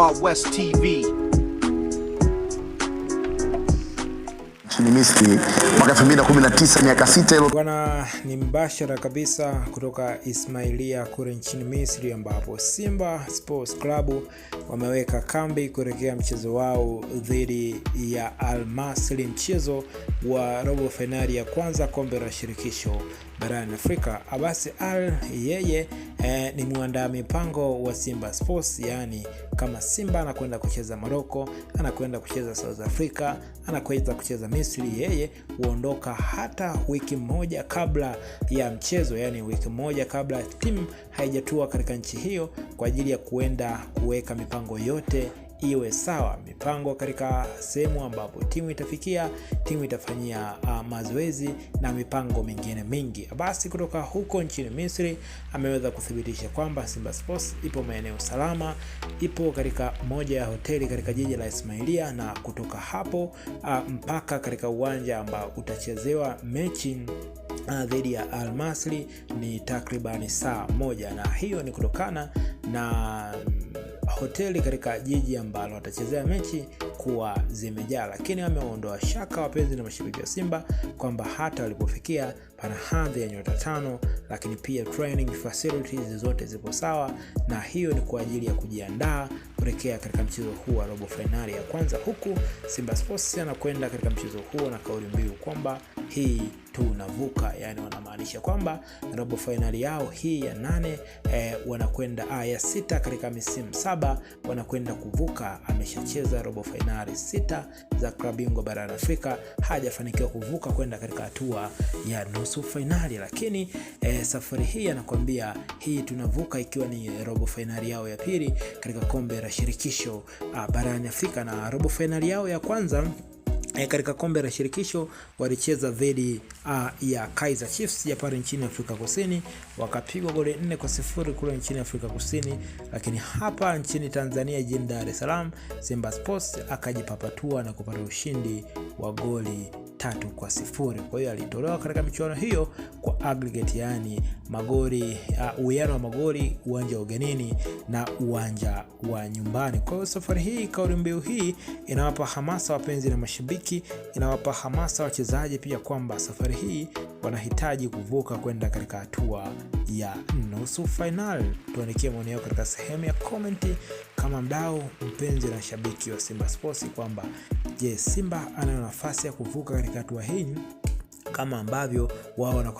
Wild West TV. Feministi mwaka 2019 miaka sita ilo. Bwana ni mbashara kabisa kutoka Ismailia kule nchini Misri, ambapo Simba Sports Club wameweka kambi kuelekea mchezo wao dhidi ya Al Masry, mchezo wa robo fainali ya kwanza kombe la shirikisho barani Afrika. Abasi Al yeye eh, ni mwandaa mipango wa Simba Sports, yaani kama Simba anakwenda kucheza Morocco, anakwenda kucheza South Africa, anakwenda kucheza Misri Gasly yeye huondoka hata wiki moja kabla ya mchezo, yani wiki moja kabla timu haijatua katika nchi hiyo kwa ajili ya kuenda kuweka mipango yote iwe sawa. Mipango katika sehemu ambapo timu itafikia, timu itafanyia uh, mazoezi na mipango mingine mingi. Basi kutoka huko nchini Misri ameweza kuthibitisha kwamba Simba Sports ipo maeneo salama, ipo katika moja ya hoteli katika jiji la Ismailia, na kutoka hapo uh, mpaka katika uwanja ambao utachezewa mechi ah, dhidi ya Al ni takribani saa moja, na hiyo ni kutokana na hoteli katika jiji ambalo watachezea mechi kuwa zimejaa, lakini wameondoa shaka wapenzi na mashabiki wa Simba kwamba hata walipofikia pana hadhi ya nyota tano, lakini pia training facilities zote zipo sawa, na hiyo ni kwa ajili ya kujiandaa kuelekea katika mchezo huu wa robo fainali ya kwanza, huku Simba Sports anakwenda katika mchezo huo na kauli mbiu kwamba hii tunavuka, yani wanamaanisha kwamba robo fainali yao hii ya nane eh, wanakwenda ah, ya sita katika misimu saba wanakwenda kuvuka. Ameshacheza robo fainali sita za klabu bingwa barani Afrika, hajafanikiwa kuvuka kwenda katika hatua ya nusu fainali, lakini eh, safari hii anakwambia hii tunavuka, ikiwa ni robo fainali yao ya pili katika kombe la shirikisho uh, barani Afrika na robo fainali yao ya kwanza E, katika kombe la shirikisho walicheza dhidi uh, ya Kaizer Chiefs ya pale nchini Afrika Kusini, wakapigwa goli nne kwa sifuri kule nchini Afrika Kusini. Lakini hapa nchini Tanzania, jijini Dar es Salaam, Simba Sports akajipapatua na kupata ushindi wa goli tatu kwa sifuri. Kwa hiyo alitolewa katika michuano hiyo kwa aggregate, yani magori uh, uwiano uh, wa magori uwanja wa ugenini na uwanja wa nyumbani. Kwa hiyo safari hii, kauli mbiu hii inawapa hamasa wapenzi na mashabiki, inawapa hamasa wachezaji pia kwamba safari hii wanahitaji kuvuka kwenda katika hatua ya nusu final Tuandikie maoni yako katika sehemu ya komenti, kama mdau mpenzi na shabiki wa Simba Sports kwamba Je, Simba anayo nafasi ya kuvuka katika hatua hii kama ambavyo wao wanakwambia?